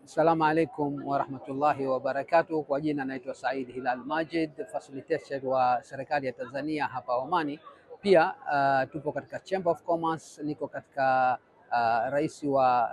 Assalamu alaikum warahmatullahi wabarakatuh. Kwa jina naitwa Said Hilal Majid, facilitator wa serikali ya Tanzania hapa Omani. Pia uh, tupo katika Chamber of Commerce, niko katika uh, rais wa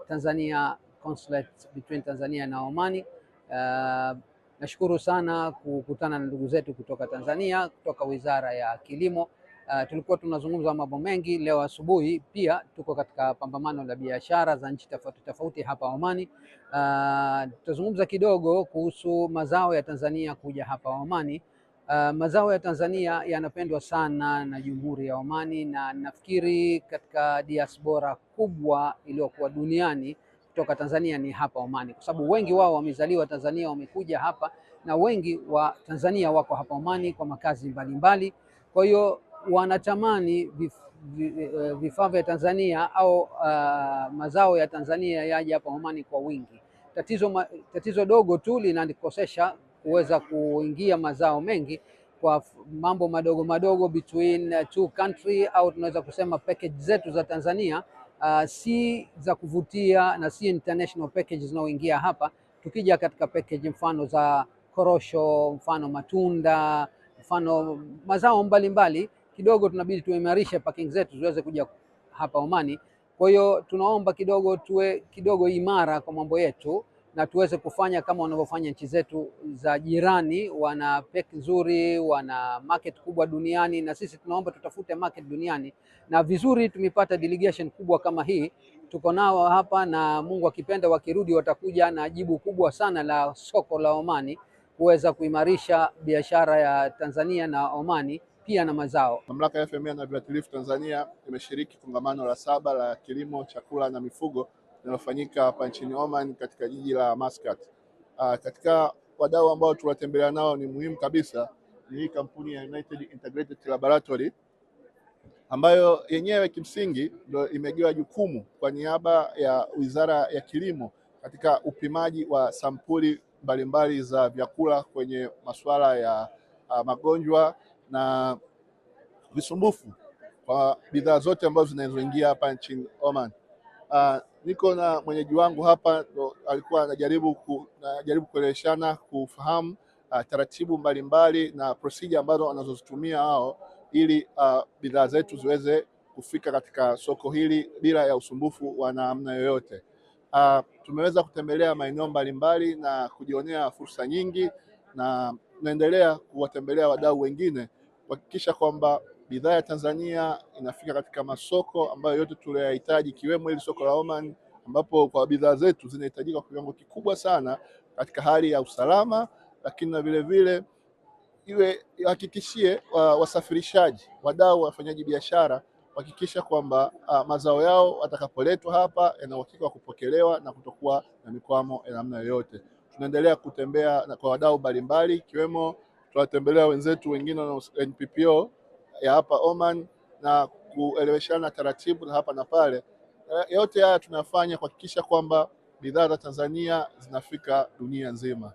uh, Tanzania consulate between Tanzania na Omani. Uh, nashukuru sana kukutana na ndugu zetu kutoka Tanzania, kutoka Wizara ya Kilimo Uh, tulikuwa tunazungumza mambo mengi leo asubuhi. Pia tuko katika pambamano la biashara za nchi tofauti tofauti hapa Omani. Uh, tutazungumza kidogo kuhusu mazao ya Tanzania kuja hapa Omani. Uh, mazao ya Tanzania yanapendwa sana na Jamhuri ya Omani na nafikiri katika diaspora kubwa iliyokuwa duniani kutoka Tanzania ni hapa Omani, kwa sababu wengi wao wamezaliwa Tanzania, wamekuja hapa na wengi wa Tanzania wako hapa Omani kwa makazi mbalimbali. Kwa hiyo wanatamani vif, eh, vifaa vya Tanzania au uh, mazao ya Tanzania yaje hapa Omani kwa wingi. Tatizo, ma, tatizo dogo tu linanikosesha kuweza kuingia mazao mengi kwa mambo madogo madogo between eh, two country au tunaweza kusema package zetu za Tanzania uh, si za kuvutia na si international package zinaoingia hapa. Tukija katika package mfano za korosho, mfano matunda, mfano mazao mbalimbali mbali, kidogo tunabidi tuimarishe parking zetu ziweze kuja hapa Omani. Kwa hiyo tunaomba kidogo tuwe kidogo imara kwa mambo yetu na tuweze kufanya kama wanavyofanya nchi zetu za jirani. Wana pek nzuri, wana market kubwa duniani, na sisi tunaomba tutafute market duniani. Na vizuri tumepata delegation kubwa kama hii, tuko nao hapa, na Mungu akipenda, wakirudi watakuja na jibu kubwa sana la soko la Omani, kuweza kuimarisha biashara ya Tanzania na Omani pia na mazao. Mamlaka ya FMA na Viuatilifu Tanzania imeshiriki kongamano la saba la kilimo, chakula na mifugo linalofanyika hapa nchini Oman katika jiji la Muscat. Ah, katika wadau ambao tunatembelea nao ni muhimu kabisa ni hii kampuni ya United Integrated Laboratory ambayo yenyewe kimsingi ndio imegewa jukumu kwa niaba ya Wizara ya Kilimo katika upimaji wa sampuli mbalimbali za vyakula kwenye masuala ya ah, magonjwa na visumbufu kwa bidhaa zote ambazo zinazoingia hapa nchini Oman. Uh, niko na mwenyeji wangu hapa ndo alikuwa anajaribu ku, anajaribu kueleweshana kufahamu uh, taratibu mbalimbali mbali, na procedure ambazo wanazozitumia hao ili uh, bidhaa zetu ziweze kufika katika soko hili bila ya usumbufu wa namna yoyote. Uh, tumeweza kutembelea maeneo mbalimbali na kujionea fursa nyingi na naendelea kuwatembelea wadau wengine kuhakikisha kwamba bidhaa ya Tanzania inafika katika masoko ambayo yote tuliyoyahitaji, ikiwemo hili soko la Oman ambapo kwa bidhaa zetu zinahitajika kwa kiwango kikubwa sana katika hali ya usalama, lakini na vilevile iwe hakikishie wasafirishaji, wadau, wafanyaji biashara kuhakikisha kwamba ah, mazao yao watakapoletwa hapa yana uhakika wa kupokelewa na kutokuwa na mikwamo ya namna yoyote. Tunaendelea kutembea na kwa wadau mbalimbali ikiwemo tutawatembelea wenzetu wengine na NPPO ya hapa Oman na kueleweshana taratibu za hapa na pale. Yote haya tunayafanya kuhakikisha kwamba bidhaa za Tanzania zinafika dunia nzima.